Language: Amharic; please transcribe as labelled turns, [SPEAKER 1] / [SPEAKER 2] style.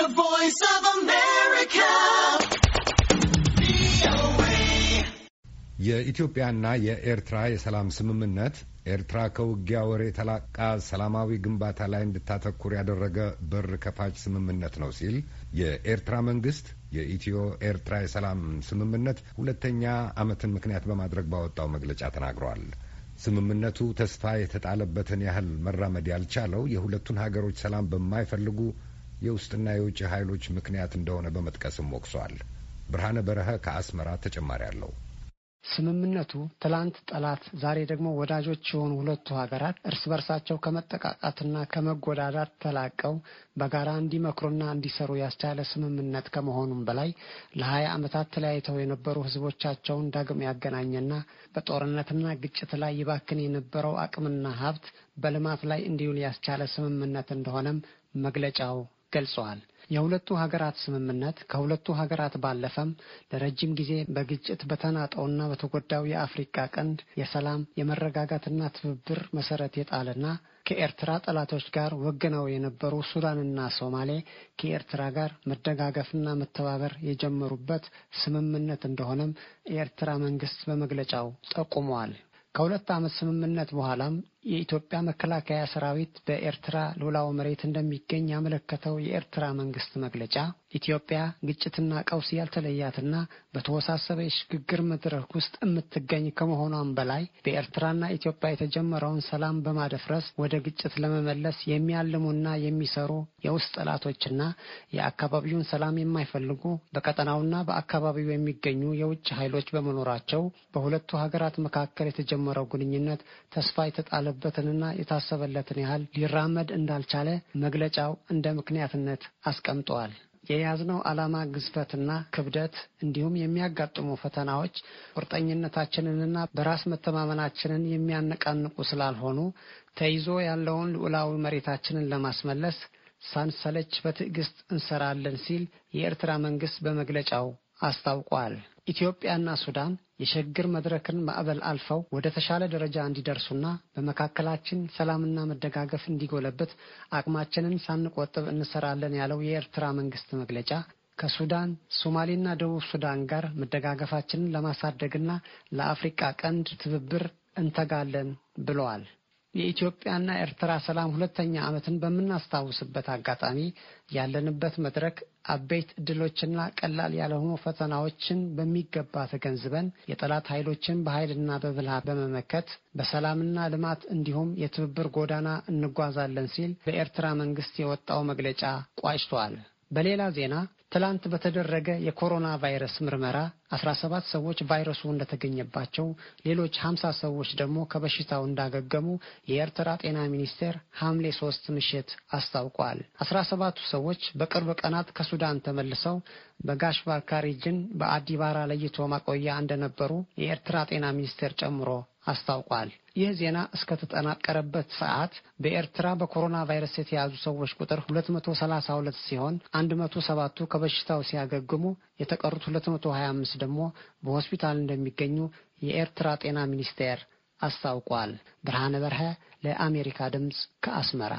[SPEAKER 1] The Voice of America.
[SPEAKER 2] የኢትዮጵያና የኤርትራ የሰላም ስምምነት ኤርትራ ከውጊያ ወሬ ተላቃ ሰላማዊ ግንባታ ላይ እንድታተኩር ያደረገ በር ከፋጭ ስምምነት ነው ሲል የኤርትራ መንግስት የኢትዮ ኤርትራ የሰላም ስምምነት ሁለተኛ ዓመትን ምክንያት በማድረግ ባወጣው መግለጫ ተናግሯል። ስምምነቱ ተስፋ የተጣለበትን ያህል መራመድ ያልቻለው የሁለቱን ሀገሮች ሰላም በማይፈልጉ የውስጥና የውጭ ኃይሎች ምክንያት እንደሆነ በመጥቀስም ወቅሷል። ብርሃነ በረሀ ከአስመራ ተጨማሪ አለው።
[SPEAKER 1] ስምምነቱ ትላንት ጠላት ዛሬ ደግሞ ወዳጆች የሆኑ ሁለቱ ሀገራት እርስ በርሳቸው ከመጠቃቃትና ከመጎዳዳት ተላቀው በጋራ እንዲመክሩና እንዲሰሩ ያስቻለ ስምምነት ከመሆኑም በላይ ለሀያ ዓመታት ተለያይተው የነበሩ ሕዝቦቻቸውን ዳግም ያገናኘና በጦርነትና ግጭት ላይ ይባክን የነበረው አቅምና ሀብት በልማት ላይ እንዲውል ያስቻለ ስምምነት እንደሆነም መግለጫው ገልጸዋል። የሁለቱ ሀገራት ስምምነት ከሁለቱ ሀገራት ባለፈም ለረጅም ጊዜ በግጭት በተናጠውና በተጎዳው የአፍሪካ ቀንድ የሰላም የመረጋጋትና ትብብር መሰረት የጣለና ከኤርትራ ጠላቶች ጋር ወግነው የነበሩ ሱዳንና ሶማሌ ከኤርትራ ጋር መደጋገፍና መተባበር የጀመሩበት ስምምነት እንደሆነም የኤርትራ መንግስት በመግለጫው ጠቁመዋል። ከሁለት ዓመት ስምምነት በኋላም የኢትዮጵያ መከላከያ ሰራዊት በኤርትራ ሉላው መሬት እንደሚገኝ ያመለከተው የኤርትራ መንግስት መግለጫ ኢትዮጵያ ግጭትና ቀውስ ያልተለያትና በተወሳሰበ የሽግግር መድረክ ውስጥ የምትገኝ ከመሆኗም በላይ በኤርትራና ኢትዮጵያ የተጀመረውን ሰላም በማደፍረስ ወደ ግጭት ለመመለስ የሚያልሙና የሚሰሩ የውስጥ ጠላቶችና የአካባቢውን ሰላም የማይፈልጉ በቀጠናውና በአካባቢው የሚገኙ የውጭ ኃይሎች በመኖራቸው በሁለቱ ሀገራት መካከል የተጀመረው ግንኙነት ተስፋ የተጣለ ያለበትንና የታሰበለትን ያህል ሊራመድ እንዳልቻለ መግለጫው እንደ ምክንያትነት አስቀምጠዋል። የያዝነው ዓላማ ግዝፈትና ክብደት እንዲሁም የሚያጋጥሙ ፈተናዎች ቁርጠኝነታችንንና በራስ መተማመናችንን የሚያነቃንቁ ስላልሆኑ ተይዞ ያለውን ልዑላዊ መሬታችንን ለማስመለስ ሳንሰለች በትዕግስት እንሰራለን ሲል የኤርትራ መንግስት በመግለጫው አስታውቋል። ኢትዮጵያና ሱዳን የሽግግር መድረክን ማዕበል አልፈው ወደ ተሻለ ደረጃ እንዲደርሱና በመካከላችን ሰላምና መደጋገፍ እንዲጎለበት አቅማችንን ሳንቆጥብ እንሰራለን ያለው የኤርትራ መንግስት መግለጫ ከሱዳን፣ ሶማሌና ደቡብ ሱዳን ጋር መደጋገፋችንን ለማሳደግና ለአፍሪቃ ቀንድ ትብብር እንተጋለን ብለዋል። የኢትዮጵያና ኤርትራ ሰላም ሁለተኛ ዓመትን በምናስታውስበት አጋጣሚ ያለንበት መድረክ አበይት እድሎችና ቀላል ያልሆኑ ፈተናዎችን በሚገባ ተገንዝበን የጠላት ኃይሎችን በኃይልና በብልሃት በመመከት በሰላምና ልማት እንዲሁም የትብብር ጎዳና እንጓዛለን ሲል በኤርትራ መንግስት የወጣው መግለጫ ቋጭቷል። በሌላ ዜና ትላንት በተደረገ የኮሮና ቫይረስ ምርመራ 17 ሰዎች ቫይረሱ እንደተገኘባቸው ሌሎች 50 ሰዎች ደግሞ ከበሽታው እንዳገገሙ የኤርትራ ጤና ሚኒስቴር ሐምሌ 3 ምሽት አስታውቋል። 17ቱ ሰዎች በቅርብ ቀናት ከሱዳን ተመልሰው በጋሽባር ካሪጅን በአዲባራ ለይቶ ማቆያ እንደነበሩ የኤርትራ ጤና ሚኒስቴር ጨምሮ አስታውቋል። ይህ ዜና እስከተጠናቀረበት ሰዓት በኤርትራ በኮሮና ቫይረስ የተያዙ ሰዎች ቁጥር 232 ሲሆን 107ቱ ከበሽታው ሲያገግሙ የተቀሩት 225 ደግሞ በሆስፒታል እንደሚገኙ የኤርትራ ጤና ሚኒስቴር አስታውቋል። ብርሃነ በርሀ ለአሜሪካ ድምፅ ከአስመራ